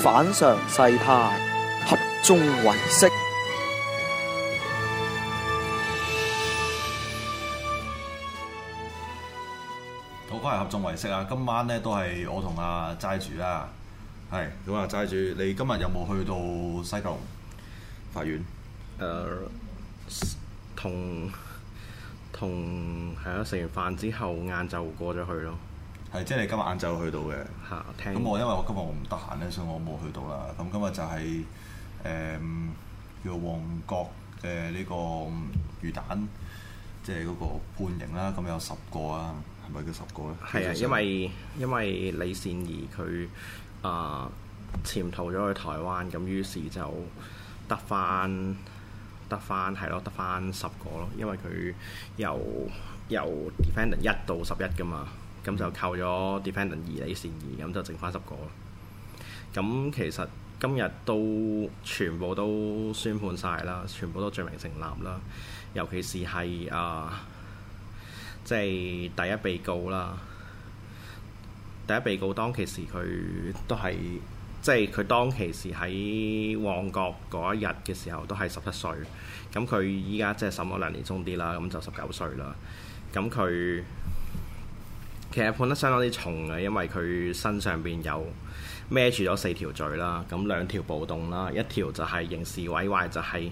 反常世態，合眾唯識。好，歡迎合眾唯識啊！今晚呢都係我同阿齋主啦，係咁啊，齋、啊、主，你今日有冇去到西九龍法院？誒、uh,，同同係啦，食、啊、完飯之後，晏晝過咗去咯。係，即係你今日晏晝去到嘅嚇。咁、啊、我因為我今日我唔得閒咧，所以我冇去到啦。咁今日就係、是、誒、呃、叫旺角嘅呢個魚蛋，即係嗰個判刑啦。咁有十個啊，係咪叫十個咧？係啊，因為因為李善兒佢啊、呃、潛逃咗去台灣，咁於是就得翻得翻係咯，得翻十個咯。因為佢由由 Defendant 一到十一噶嘛。咁就扣咗 defendant 二李善儀，咁就剩翻十個咯。咁其實今日都全部都宣判晒啦，全部都罪名成立啦。尤其是係啊，即、呃、係、就是、第一被告啦。第一被告當其時佢都係，即係佢當其時喺旺角嗰一日嘅時候都係十七歲。咁佢依家即係審咗兩年鐘啲啦，咁就十九歲啦。咁佢。其實判得相當之重嘅，因為佢身上邊有孭住咗四條罪啦，咁兩條暴動啦，一條就係刑事毀壞，就係、是、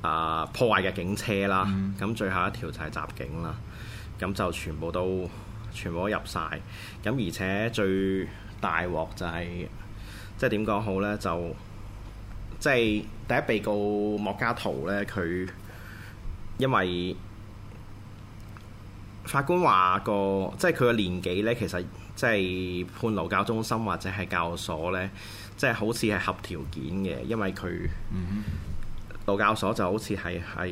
啊、呃、破壞嘅警車啦，咁、嗯、最後一條就係襲警啦，咁就全部都全部都入晒。咁而且最大鑊就係、是、即係點講好呢？就即係第一被告莫家圖呢，佢因為。法官話個即係佢個年紀咧，其實即係判勞教中心或者係教所咧，即係好似係合條件嘅，因為佢勞教所就好似係係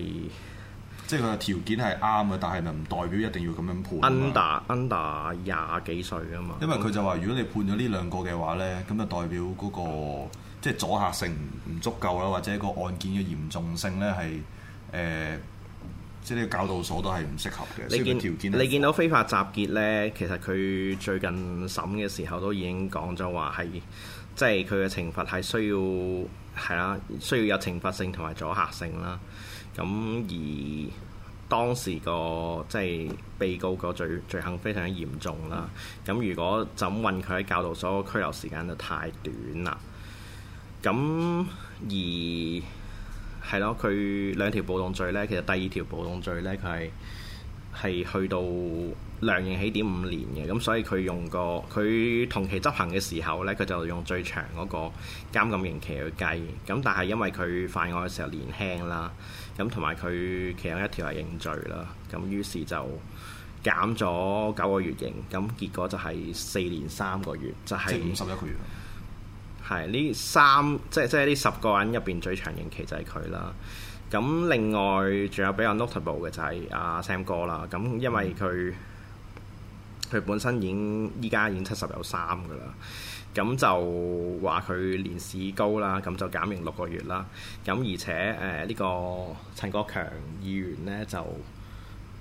即係佢個條件係啱嘅，但係咪唔代表一定要咁樣判？Under 嗎 Under 廿幾歲啊嘛，因為佢就話如果你判咗呢兩個嘅話咧，咁就代表嗰、那個即係、就是、阻嚇性唔唔足夠啦，或者個案件嘅嚴重性咧係誒。呃即係教導所都係唔適合嘅。你見件你見到非法集結咧，其實佢最近審嘅時候都已經講咗話係，即係佢嘅懲罰係需要係啦、啊，需要有懲罰性同埋阻嚇性啦。咁而當時個即係被告個罪罪行非常之嚴重啦。咁如果就咁韞佢喺教導所拘留時間就太短啦。咁而係咯，佢兩條暴動罪呢，其實第二條暴動罪呢，佢係係去到量刑起點五年嘅，咁所以佢用個佢同期執行嘅時候呢，佢就用最長嗰個監禁刑期去計，咁但係因為佢犯案嘅時候年輕啦，咁同埋佢其中一條係認罪啦，咁於是就減咗九個月刑，咁結果就係四年三個月。就係。即係五十一個月。係呢三即係即係呢十個人入邊最長刑期就係佢啦。咁另外仲有比較 notable 嘅就係阿、啊、Sam 哥啦。咁因為佢佢本身已經依家已經七十有三噶啦，咁就話佢年事高啦，咁就減刑六個月啦。咁而且誒呢、呃這個陳國強議員咧就。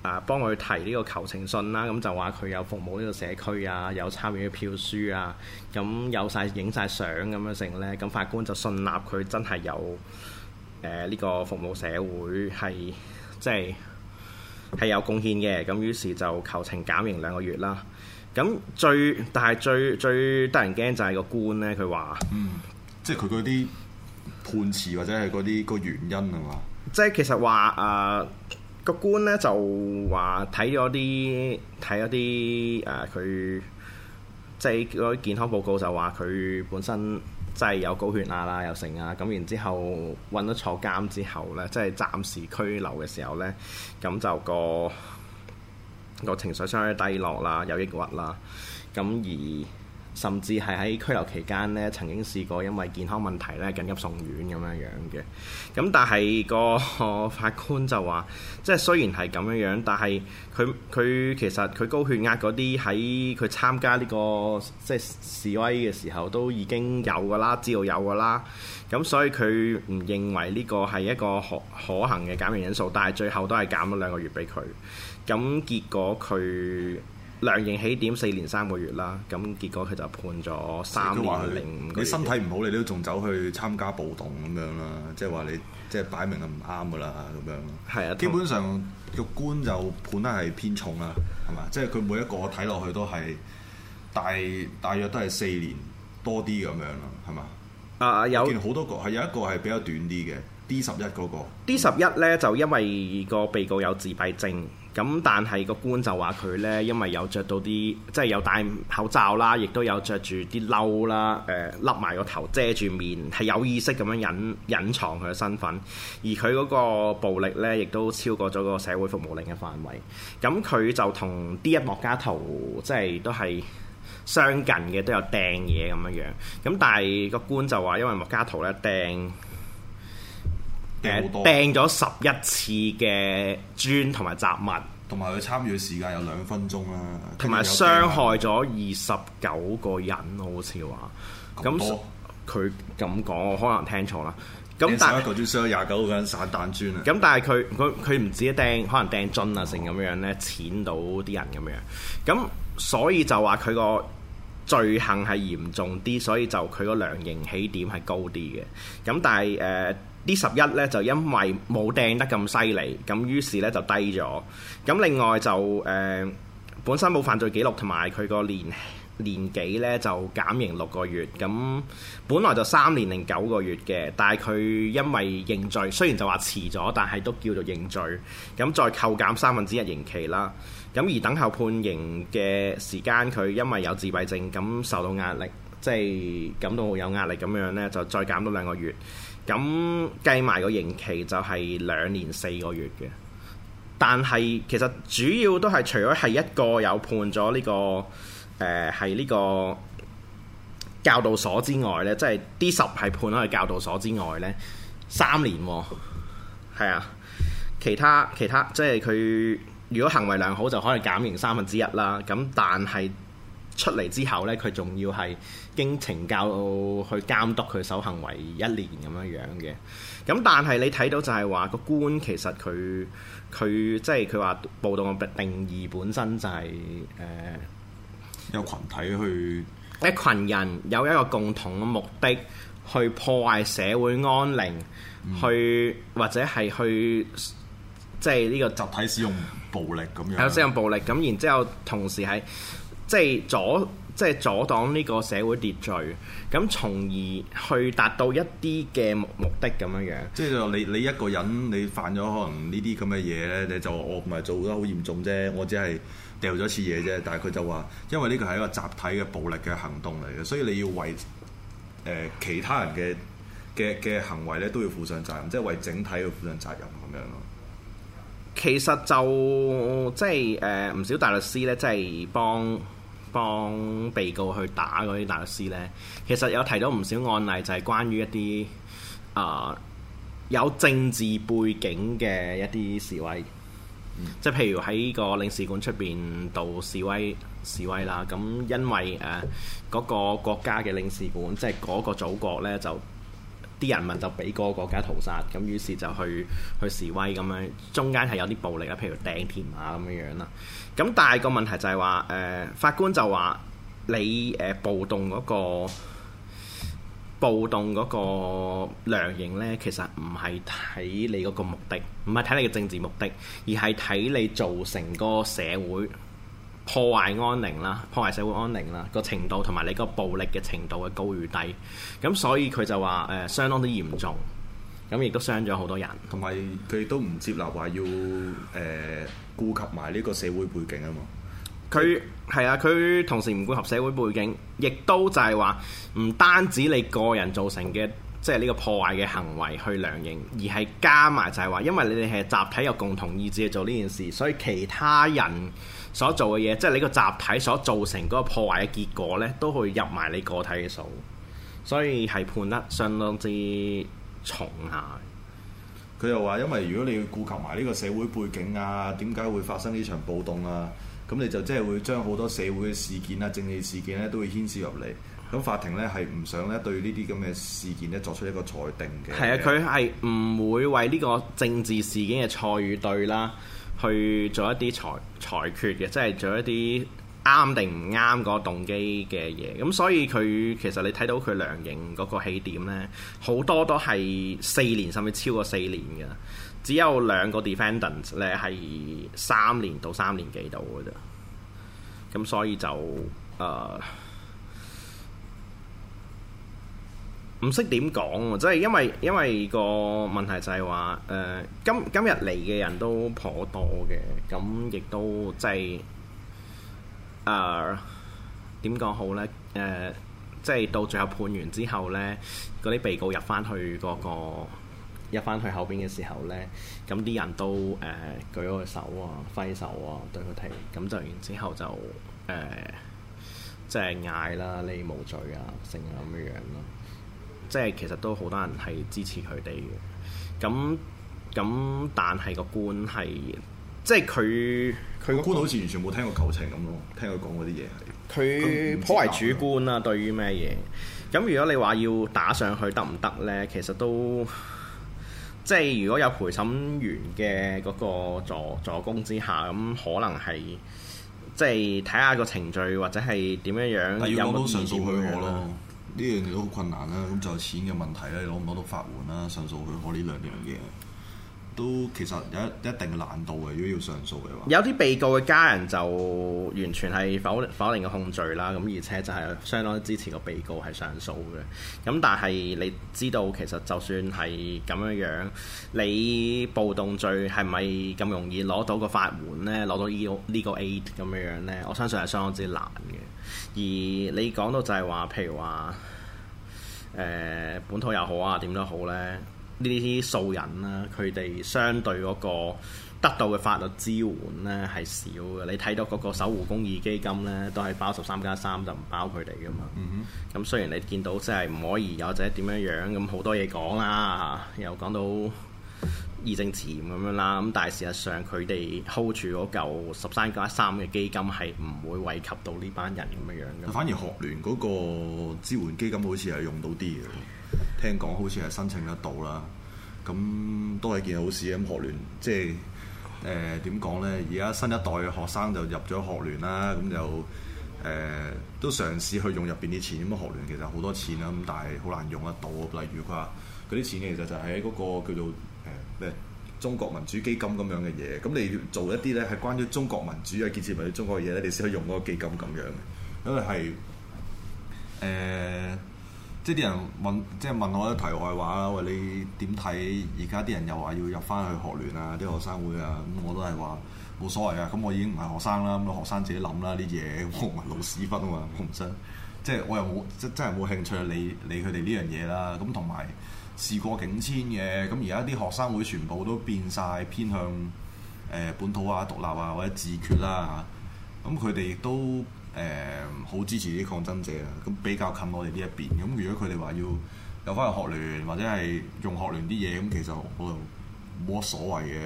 啊！幫佢提呢個求情信啦，咁就話佢有服務呢個社區啊，有參與啲票書啊，咁有晒影晒相咁樣成咧，咁法官就信納佢真係有誒呢、呃呢個服務社會係即係係有貢獻嘅，咁於是就求情減刑兩個月啦。咁最但係最最得人驚就係個官咧，佢話，嗯，即係佢嗰啲判詞或者係嗰啲個原因係嘛？即係其實話誒。呃個官咧就話睇咗啲睇咗啲誒，佢、呃、即係健康報告就話佢本身即係有高血壓啦，有成啊。咁然之後揾咗坐監之後咧，即係暫時拘留嘅時候咧，咁就個個情緒相當低落啦，有抑鬱啦，咁而。甚至係喺拘留期間咧，曾經試過因為健康問題咧緊急送院咁樣樣嘅。咁但係個法官就話，即係雖然係咁樣樣，但係佢佢其實佢高血壓嗰啲喺佢參加呢個即係示威嘅時候都已經有㗎啦，知道有㗎啦。咁所以佢唔認為呢個係一個可可行嘅減刑因素，但係最後都係減咗兩個月俾佢。咁結果佢。量刑起點四年三個月啦，咁結果佢就判咗三年零。你身體唔好，你都仲走去參加暴動咁樣啦，就是，即係話你即係擺明係唔啱噶啦咁樣。係啊，基本上個官同就判得係偏重啦，係嘛？即係佢每一個睇落去都係大大約都係四年多啲咁樣啦，係嘛？啊、uh, 有好多個，係有一個係比較短啲嘅 D 十一嗰個 D 十一咧，就因為個被告有自閉症，咁但係個官就話佢咧，因為有着到啲即係有戴口罩啦，亦都有着住啲褸啦，誒笠埋個頭遮住面，係有意識咁樣隱隱藏佢嘅身份，而佢嗰個暴力咧，亦都超過咗個社會服務令嘅範圍，咁佢就同 D 一莫家圖，即係都係。相近嘅都有掟嘢咁樣樣，咁但係個官就話，因為莫家圖咧掟掟掟咗十一次嘅磚同埋雜物，同埋佢參與嘅時間有兩分鐘啦，同埋傷害咗二十九個人，好似話，咁佢咁講，我可能聽錯啦。咁但係個磚升廿九蚊散彈磚啊！咁但係佢佢唔止一掟，可能掟樽啊成咁樣呢，濺到啲人咁樣。咁所以就話佢個罪行係嚴重啲，所以就佢個量刑起點係高啲嘅。咁但係誒呢十一呢，就因為冇掟得咁犀利，咁於是呢就低咗。咁另外就誒、呃、本身冇犯罪記錄同埋佢個年年幾咧就減刑六個月，咁本來就三年零九個月嘅，但係佢因為認罪，雖然就話遲咗，但係都叫做認罪，咁再扣減三分之一刑期啦。咁而等候判刑嘅時間，佢因為有自閉症，咁受到壓力，即係感到有壓力咁樣呢，就再減到兩個月。咁計埋個刑期就係兩年四個月嘅，但係其實主要都係除咗係一個有判咗呢個。誒係呢個教導所之外呢，即係 D 十係判咗去教導所之外呢三年喎、哦，係 啊，其他其他即係佢如果行為良好就可以減刑三分之一啦。咁但係出嚟之後呢，佢仲要係經懲教到去監督佢守行為一年咁樣樣嘅。咁但係你睇到就係話個官其實佢佢即係佢話暴動嘅定義本身就係、是、誒。呃有群體去一群人有一個共同嘅目的，去破壞社會安寧，嗯、去或者係去即係呢個集體使用暴力咁樣。有使用暴力咁，嗯、然之後同時係即係阻。即係阻擋呢個社會秩序，咁從而去達到一啲嘅目目的咁樣樣。即係你你一個人你犯咗可能呢啲咁嘅嘢呢，你就我唔係做得好嚴重啫，我只係掉咗次嘢啫。但係佢就話，因為呢個係一個集體嘅暴力嘅行動嚟嘅，所以你要為、呃、其他人嘅嘅嘅行為咧都要負上責任，即係為整體要負上責任咁樣咯。其實就即係誒唔少大律師呢，即係幫。幫被告去打嗰啲大律師呢，其實有提到唔少案例，就係關於一啲啊、呃、有政治背景嘅一啲示威，嗯、即係譬如喺個領事館出邊度示威示威啦。咁因為誒嗰、呃嗰個國家嘅領事館，即係嗰個祖國呢，就。啲人民就俾個國家屠殺，咁於是就去去示威咁樣，中間係有啲暴力啦，譬如掟鐵馬咁樣樣啦。咁但係個問題就係話，誒、呃、法官就話你誒、呃、暴動嗰、嗰個暴動嗰個量刑咧，其實唔係睇你嗰個目的，唔係睇你嘅政治目的，而係睇你造成個社會，破壞安寧啦，破壞社會安寧啦。個程度同埋你個暴力嘅程度嘅高與低，咁所以佢就話誒、呃，相當之嚴重，咁亦都傷咗好多人。同埋佢亦都唔接納話要誒呃、顧及埋呢個社會背景啊嘛。佢係啊，佢他同時唔顧及社會背景，亦都就係話唔單止你個人造成嘅，即係呢個破壞嘅行為去量刑，而係加埋就係話，因為你哋係集體有共同意志去做呢件事，所以其他人。所做嘅嘢，即係你個集體所造成嗰個破壞嘅結果咧，都會入埋你個體嘅數，所以係判得相當之重下。佢又話，因為如果你要顧及埋呢個社會背景啊，點解會發生呢場暴動啊，咁你就即係會將好多社會嘅事件啊、政治事件咧，都會牽涉入嚟。咁法庭咧係唔想咧對呢啲咁嘅事件咧作出一個裁定嘅。係啊，佢係唔會為呢個政治事件嘅錯與對啦。去做一啲裁裁決嘅，即係做一啲啱定唔啱個動機嘅嘢。咁所以佢其實你睇到佢量刑嗰個起點呢，好多都係四年甚至超過四年嘅，只有兩個 defendant 咧係三年到三年幾度嘅啫。咁所以就誒、呃唔識點講喎，即係因為因為個問題就係話誒今今日嚟嘅人都頗多嘅，咁亦都即係誒點講好呢？誒、呃、即係到最後判完之後呢，嗰啲被告入翻去、嗰個入翻去後邊嘅時候呢，咁啲人都誒、呃、舉個手啊、揮手啊，對佢哋咁就然之後就誒即係嗌啦，你、呃、冇、就是、罪啊，成咁嘅樣咯。即係其實都好多人係支持佢哋嘅，咁咁但係個官係，即係佢佢個官，官好似完全冇聽過求情咁咯，聽佢講嗰啲嘢係佢頗為主觀啦、啊，對於咩嘢？咁如果你話要打上去得唔得呢？其實都即係如果有陪審員嘅嗰個助助攻之下，咁可能係即係睇下個程序或者係點樣要樣有冇上訴去我咯。呢樣嘢都好困難啦、啊，咁就錢嘅問題啦、啊，你攞唔攞到法援啦、啊，上訴去學呢兩樣嘢。都其實有一一定嘅難度嘅，如果要上訴嘅話，有啲被告嘅家人就完全係否否定嘅控罪啦，咁而且就係相當支持個被告係上訴嘅。咁但係你知道其實就算係咁樣樣，你暴動罪係咪咁容易攞到個法援呢？攞到呢個呢個 aid 咁樣樣呢，我相信係相當之難嘅。而你講到就係話，譬如話誒本土又好啊，點都好呢。呢啲素人啦，佢哋相對嗰個得到嘅法律支援呢係少嘅。你睇到嗰個守護公義基金呢，都係包十三加三就唔包佢哋噶嘛。咁、嗯、哼雖然你見到即係唔可以，或者點樣樣咁好多嘢講啦，又講到義正詞嚴咁樣啦。咁但係事實上佢哋 hold 住嗰嚿十三加三嘅基金係唔會惠及到呢班人咁樣樣。反而學聯嗰個支援基金好似係用到啲嘅。聽講好似係申請得到啦，咁都係件好事啊！咁學聯即係誒點講咧？而、呃、家新一代嘅學生就入咗學聯啦，咁就誒、呃、都嘗試去用入邊啲錢。咁學聯其實好多錢啦，咁但係好難用得到。例如佢話嗰啲錢其實就喺嗰個叫做誒咩、呃、中國民主基金咁樣嘅嘢。咁你要做一啲咧係關於中國民主啊、建設或者中國嘅嘢咧，你先可以用嗰個基金咁樣。因為係誒。呃即係啲人問，即係問我一題外話啦。喂，你點睇而家啲人又話要入翻去學聯啊、啲學生會啊？咁我都係話冇所謂啊。咁我已經唔係學生啦，咁學生自己諗啦。呢嘢我唔係老屎忽啊嘛，我唔識。即係我又冇即真真係冇興趣理理佢哋呢樣嘢啦。咁同埋事過境遷嘅。咁而家啲學生會全部都變晒，偏向誒、呃、本土啊、獨立啊或者自決啦、啊、嚇。咁佢哋都。誒好、嗯、支持啲抗爭者啊！咁比較近我哋呢一邊咁。如果佢哋話要有翻入學聯或者係用學聯啲嘢，咁其實我又冇乜所謂嘅。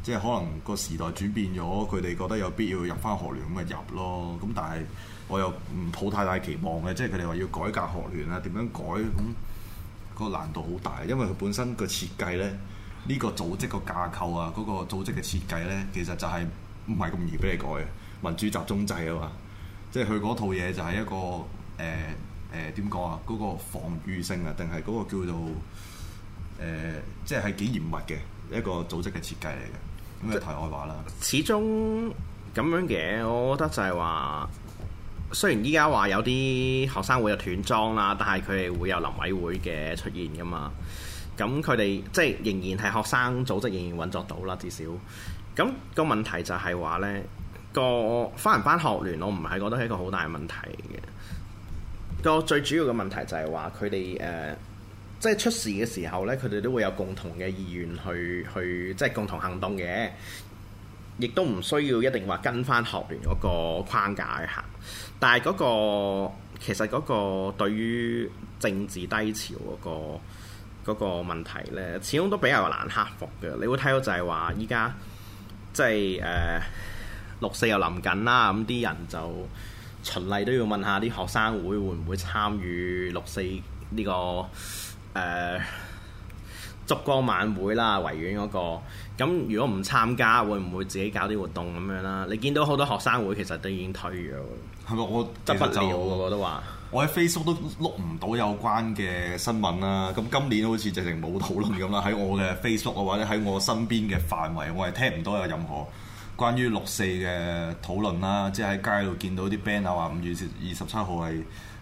即係可能個時代轉變咗，佢哋覺得有必要入翻學聯咁咪入咯。咁但係我又唔抱太大期望嘅，即係佢哋話要改革學聯啊，點樣改？咁嗰、那個難度好大，因為佢本身個設計咧呢、這個組織個架構啊，嗰、那個組織嘅設計咧，其實就係唔係咁易俾你改民主集中制啊嘛。即係佢嗰套嘢就係一個誒誒點講啊？嗰、呃呃嗰個防禦性啊，定係嗰個叫做誒、呃，即係幾嚴密嘅一個組織嘅設計嚟嘅。咁嘅題外話啦。始終咁樣嘅，我覺得就係話，雖然依家話有啲學生會有斷莊啦，但係佢哋會有臨委會嘅出現噶嘛。咁佢哋即係仍然係學生組織，仍然運作到啦，至少。咁個問題就係話咧。個返唔返學聯，我唔係覺得係一個好大嘅問題嘅。個最主要嘅問題就係話佢哋誒，即係、呃就是、出事嘅時候呢，佢哋都會有共同嘅意願去去，即係、就是、共同行動嘅，亦都唔需要一定話跟翻學聯嗰個框架去行。但係嗰、那個其實嗰個對於政治低潮嗰、那個嗰、那個問題呢，始終都比較難克服嘅。你會睇到就係話依家即係誒。就是呃六四又臨緊啦，咁啲人就循例都要問下啲學生會會唔會參與六四呢個誒、呃、燭光晚會啦，維園嗰個。咁如果唔參加，會唔會自己搞啲活動咁樣啦？你見到好多學生會其實都已經退咗。係咪我執筆就不我都話，我喺 Facebook 都碌唔到有關嘅新聞啦。咁今年好似直情冇討論咁啦。喺我嘅 Facebook 或者喺我身邊嘅範圍，我係聽唔到有任何。關於六四嘅討論啦，即係喺街度見到啲 banner 話五月二十七號係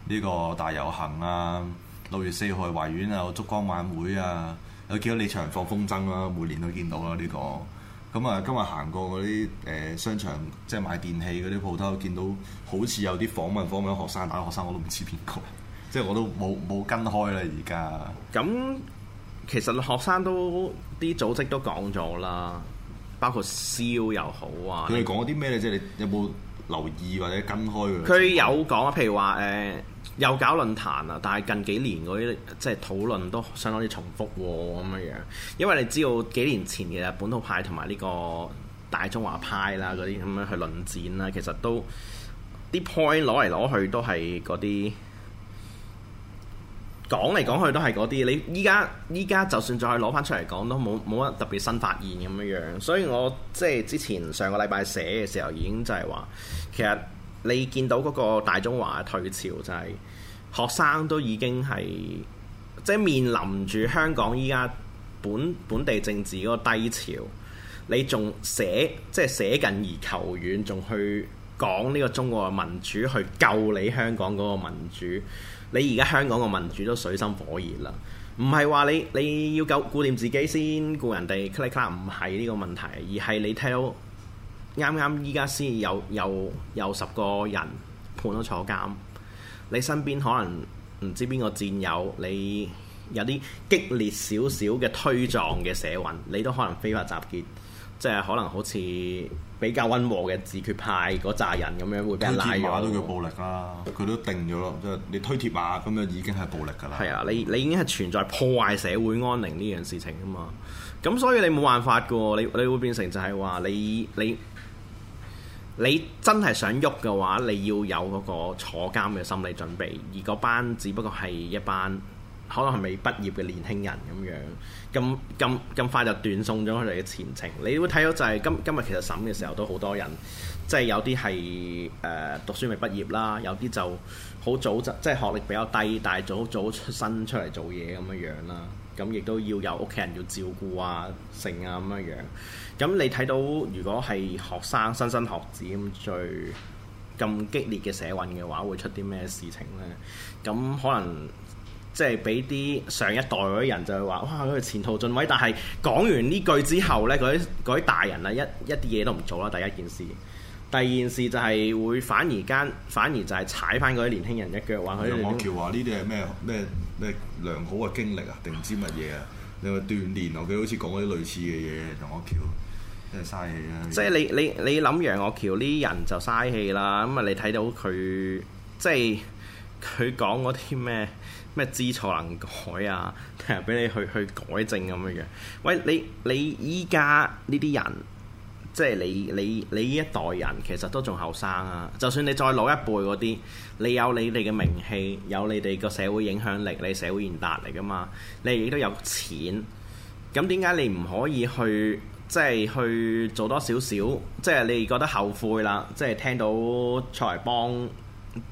呢個大遊行啊，六月四號維園有燭光晚會啊，有見到你場放風箏啦，每年都見到啦、這、呢個。咁啊，今日行過嗰啲誒商場，即係賣電器嗰啲鋪頭，見到好似有啲訪問訪問學生，打學生我都唔知邊個，即係我都冇冇跟開啦而家。咁其實學生都啲組織都講咗啦。包括燒又好啊！佢哋講咗啲咩咧？即係你有冇留意或者跟開佢？佢有講啊，譬如話誒、呃，又搞論壇啊，但係近幾年嗰啲即係討論都相當之重複喎，咁樣樣。因為你知道幾年前其實本土派同埋呢個大中華派啦，嗰啲咁樣去論戰啦，其實都啲 point 攞嚟攞去都係嗰啲。講嚟講去都係嗰啲，你依家依家就算再攞翻出嚟講都冇冇乜特別新發現咁樣樣，所以我即係之前上個禮拜寫嘅時候已經就係話，其實你見到嗰個大中華嘅退潮就係、是、學生都已經係即係面臨住香港依家本本地政治嗰個低潮，你仲寫即係寫近而求遠，仲去講呢個中國嘅民主去救你香港嗰個民主。你而家香港個民主都水深火熱啦，唔係話你你要夠顧念自己先顧人哋，click click 唔係呢個問題，而係你睇到啱啱依家先有有有十個人判咗坐監，你身邊可能唔知邊個戰友，你有啲激烈少少嘅推撞嘅社運，你都可能非法集結。即係可能好似比較温和嘅自決派嗰扎人咁樣，會俾人拉住。推鐵馬都叫暴力啦，佢都定咗咯。即係你推鐵馬咁樣已經係暴力㗎啦。係啊，你你已經係存在破壞社會安寧呢樣事情㗎嘛。咁所以你冇辦法㗎喎，你你會變成就係話你你你真係想喐嘅話，你要有嗰個坐監嘅心理準備。而嗰班只不過係一班。可能係未畢業嘅年輕人咁樣，咁咁咁快就斷送咗佢哋嘅前程。你會睇到就係今今日其實審嘅時候都好多人，即係有啲係誒讀書未畢業啦，有啲就好早就即係學歷比較低，但係早早新出身出嚟做嘢咁樣樣啦。咁亦都要有屋企人要照顧啊、剩啊咁樣樣。咁你睇到如果係學生、新生學子咁最咁激烈嘅社運嘅話，會出啲咩事情呢？咁可能。即係俾啲上一代嗰啲人就係話哇，佢前途盡毀。但係講完呢句之後呢，嗰啲大人啊，一一啲嘢都唔做啦。第一件事，第二件事就係會反而間，反而就係踩翻嗰啲年輕人一腳。楊岳橋話呢啲係咩咩咩良好嘅經歷啊？定唔知乜嘢啊？你話鍛鍊啊？佢好似講啲類似嘅嘢。楊岳橋真係嘥氣啦，啊！即係你你你諗楊岳橋呢啲人就嘥氣啦。咁啊，你睇到佢即係。佢講嗰啲咩咩知錯能改啊，誒俾你去去改正咁樣樣。喂，你你依家呢啲人，即係你你你呢一代人其實都仲後生啊。就算你再老一輩嗰啲，你有你哋嘅名氣，有你哋個社會影響力，你社會賢達嚟㗎嘛，你亦都有錢。咁點解你唔可以去即係去做多少少？即係你覺得後悔啦，即係聽到財幫。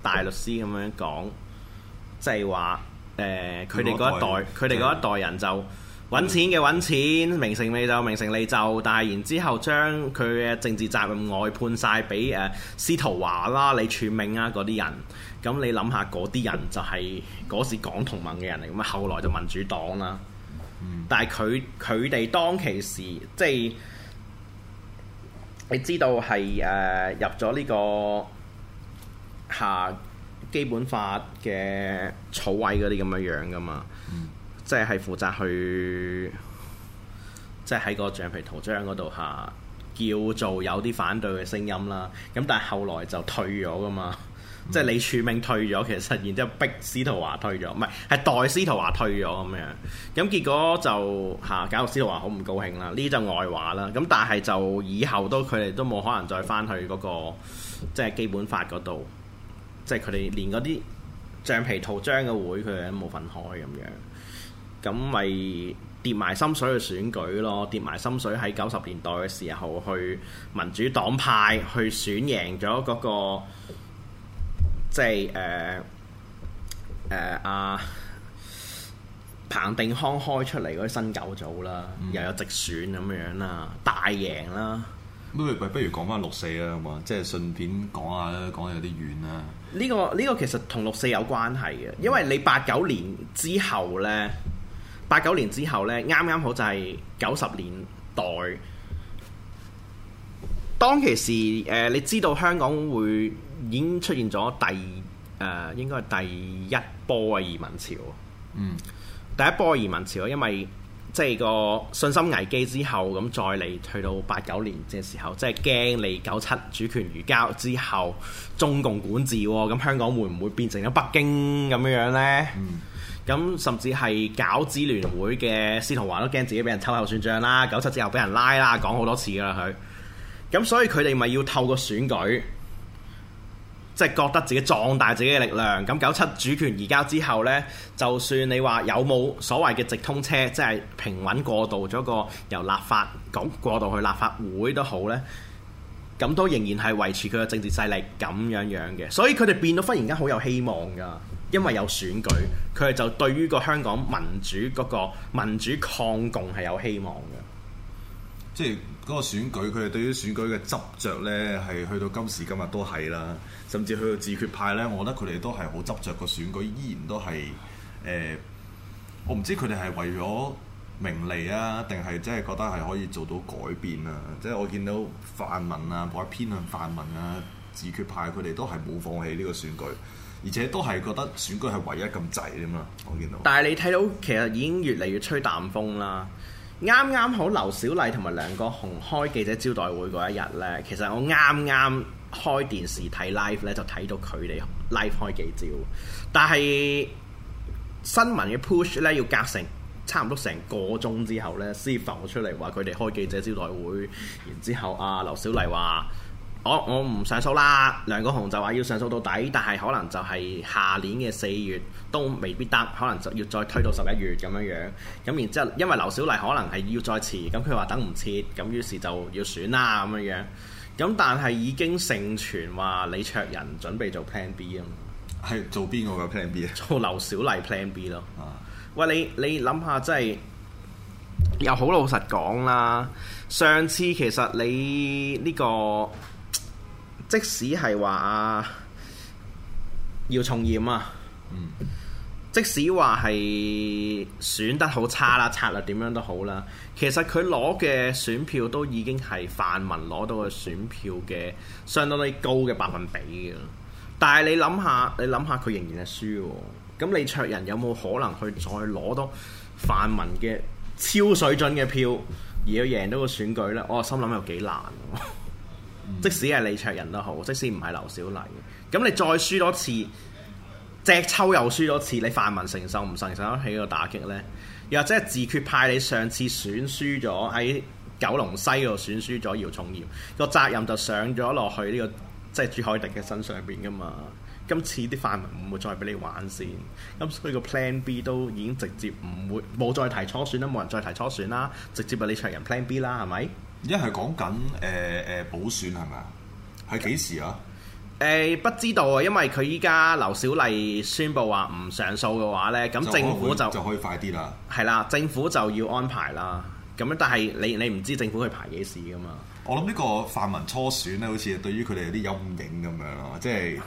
大律師咁樣講，即係話誒，佢哋嗰一代，佢哋嗰一代人就揾、就是、錢嘅揾錢，嗯、名成利就名成利就，但係然之後將佢嘅政治責任外判晒俾、嗯、司徒華啦、李柱銘啊嗰啲人。咁你諗下，嗰啲人就係嗰時港同盟嘅人嚟，咁啊，後來就民主黨啦。但係佢佢哋當其時，即係你知道係誒、呃、入咗呢、這個。下基本法嘅草位嗰啲咁嘅樣噶嘛，嗯、即係係負責去即係喺個橡皮圖章嗰度下叫做有啲反對嘅聲音啦。咁但係後來就退咗噶嘛，嗯、即係李柱銘退咗，其實然之後逼司徒華退咗，唔係係代司徒華退咗咁樣。咁結果就嚇搞到司徒華好唔高興啦。呢就外話啦。咁但係就以後都佢哋都冇可能再翻去嗰、嗰個即係基本法嗰度。即係佢哋連嗰啲橡皮圖章嘅會，佢哋都冇份開咁樣，咁咪跌埋心水去選舉咯，跌埋心水喺九十年代嘅時候去民主黨派去選贏咗嗰個，即係誒誒阿彭定康開出嚟嗰啲新九組啦，嗯、又有直選咁樣啦，大贏啦。不如不如講翻六四啦，好嘛？即係順便講下啦，講下有啲遠啦。呢個呢個其實同六四有關係嘅，因為你八九年之後呢，八九年之後呢，啱啱好就係九十年代。當其時，誒、呃，你知道香港會已經出現咗第誒、呃，應該係第一波嘅移民潮。嗯，第一波移民潮，因為。即係個信心危機之後，咁再嚟去到八九年嘅時候，即係驚你九七主權移交之後，中共管治喎、哦，咁香港會唔會變成咗北京咁樣樣呢？咁、嗯、甚至係搞支聯會嘅司徒華都驚自己俾人秋後算賬啦，九七之後俾人拉啦，講好多次噶啦佢，咁所以佢哋咪要透過選舉。即係覺得自己壯大自己嘅力量，咁九七主權移交之後呢，就算你話有冇所謂嘅直通車，即係平穩過渡咗個由立法局過渡去立法會都好呢，咁都仍然係維持佢嘅政治勢力咁樣樣嘅。所以佢哋變到忽然間好有希望㗎，因為有選舉，佢哋就對於個香港民主嗰個民主抗共係有希望㗎。即係嗰個選舉，佢哋對於選舉嘅執着呢，係去到今時今日都係啦。甚至去到自決派呢，我覺得佢哋都係好執着個選舉，依然都係誒、呃。我唔知佢哋係為咗名利啊，定係即係覺得係可以做到改變啊？即係我見到泛民啊，或者偏向泛民啊、自決派，佢哋都係冇放棄呢個選舉，而且都係覺得選舉係唯一咁滯啊嘛。我見到，但係你睇到其實已經越嚟越吹淡風啦。啱啱好，劉小麗同埋梁國雄開記者招待會嗰一日呢，其實我啱啱開電視睇 live 呢，ive, 就睇到佢哋 live 開幾招，但係新聞嘅 push 呢，要隔成差唔多成個鐘之後咧，先發我出嚟話佢哋開記者招待會，然之後啊，劉小麗話。我我唔上訴啦，梁國雄就話要上訴到底，但係可能就係下年嘅四月都未必得，可能就要再推到十一月咁樣樣。咁然之後，因為劉小麗可能係要再遲，咁佢話等唔切，咁於是就要選啦咁樣樣。咁但係已經盛傳話李卓人準備做 Plan B 啊嘛。係做邊個嘅 Plan B 啊？做劉小麗 Plan B 咯。啊，喂你你諗下，真係又好老實講啦。上次其實你呢個。即使係話啊，要從嚴啊，即使話係選得好差啦，策略點樣都好啦，其實佢攞嘅選票都已經係泛民攞到嘅選票嘅相當啲高嘅百分比嘅。但係你諗下，你諗下佢仍然係輸，咁李卓人有冇可能去再攞多泛民嘅超水準嘅票而要贏到個選舉呢？我心諗有幾難，啊。即使係李卓人都好，即使唔係劉小麗，咁你再輸多次，隻秋又輸多次，你泛民承受唔承受得起個打擊呢？又或者係自決派，你上次選輸咗喺九龍西度選輸咗姚松炎，個責任就上咗落去呢、呢個即係、即係、朱凱迪嘅身上邊㗎嘛。今次啲泛民唔會再俾你玩先，咁所以個 Plan B 都已經直接唔會冇再提初選啦，冇人再提初選啦，直接係李卓人 Plan B 啦，係咪？一係講緊誒誒補選係咪啊？係幾時啊？誒、呃、不知道啊，因為佢依家劉小麗宣布話唔上訴嘅話咧，咁政府就就可，就可以快啲啦。係啦，政府就要安排啦。咁樣但係你你唔知政府去排幾時㗎嘛？我諗呢個泛民初選咧，好似對於佢哋有啲陰影咁樣啊，即係。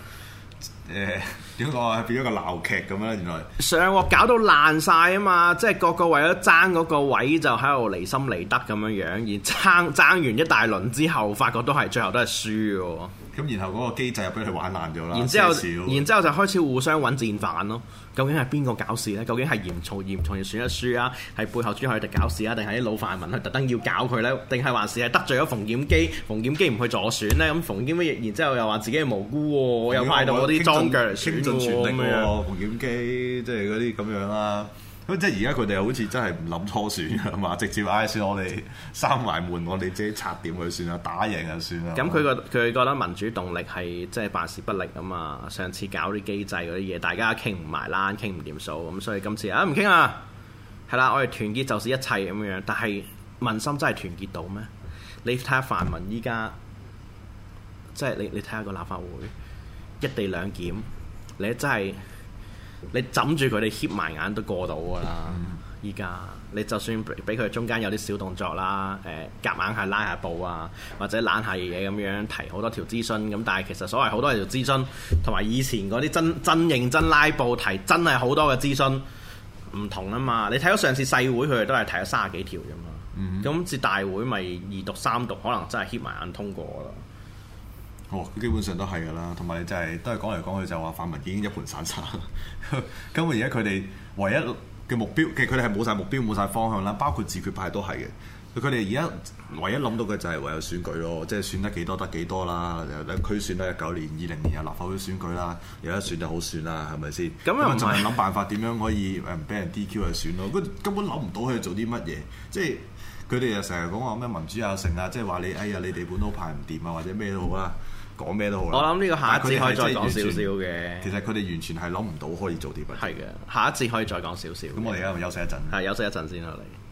誒點講啊，變咗個鬧劇咁樣，原來上鑊搞到爛晒啊嘛，即係個個為咗爭嗰個位就喺度離心離德咁樣樣，而爭爭完一大輪之後，發覺都係最後都係輸嘅喎。咁然後嗰個機制又俾佢玩爛咗啦，然之後，試試然之後就開始互相揾戰犯咯。究竟係邊個搞事呢？究竟係嚴造嚴造而選一輸啊？係背後朱凱廸搞事啊？定係啲老泛民去特登要搞佢呢？定係還是係得罪咗馮檢基？馮檢基唔去助選呢？咁馮檢基然之後又話自己係無辜喎，又派到我啲樁腳嚟選喎，馮檢基即係嗰啲咁樣啦。即係而家佢哋好似真係唔諗初選㗎嘛，直接嗌算我哋閂埋門，我哋自己拆點佢算啊，打贏就算啦。咁佢覺佢覺得民主動力係即係辦事不力啊嘛，上次搞啲機制嗰啲嘢，大家傾唔埋欄，傾唔掂數，咁所以今次啊唔傾啊，係啦，我哋團結就是一切咁樣。但係民心真係團結到咩？你睇下泛民依家，即係你你睇下個立法會一地兩檢，你真係～你枕住佢哋瞌埋眼都過到噶啦！依家、嗯、你就算俾佢中間有啲小動作啦，誒、呃、夾硬係拉下布啊，或者攬下嘢咁樣，提好多條諮詢，咁但係其實所謂好多條諮詢，同埋以前嗰啲真真認真拉布提真係好多嘅諮詢唔同啊嘛！你睇到上次細會佢哋都係提咗三十幾條啫嘛，咁、嗯、至大會咪二讀三讀，可能真係瞌埋眼通過咯。哦，基本上都係㗎啦，同埋就係、是、都係講嚟講去就話泛民已經一盤散沙。 根本而家佢哋唯一嘅目標，其實佢哋係冇晒目標、冇晒方向啦。包括自決派都係嘅，佢哋而家唯一諗到嘅就係唯有選舉咯，即係選得幾多得幾多啦。區選啦，九年、二零年又立法會選舉啦，有得選就好選啦，係咪先？咁咪就係諗辦法點樣可以誒唔俾人 DQ 去選咯。根本諗唔到佢做啲乜嘢。即係佢哋又成日講話咩民主又成啊，即係話你哎呀你地本土派唔掂啊，或者咩都好啦。講咩都好啦，我諗呢個下一次可以再講少少嘅。其實佢哋完全係諗唔到可以做啲乜。係嘅，下一次可以再講少少。咁我哋而家休息一陣。係休息一陣先啦，嚟。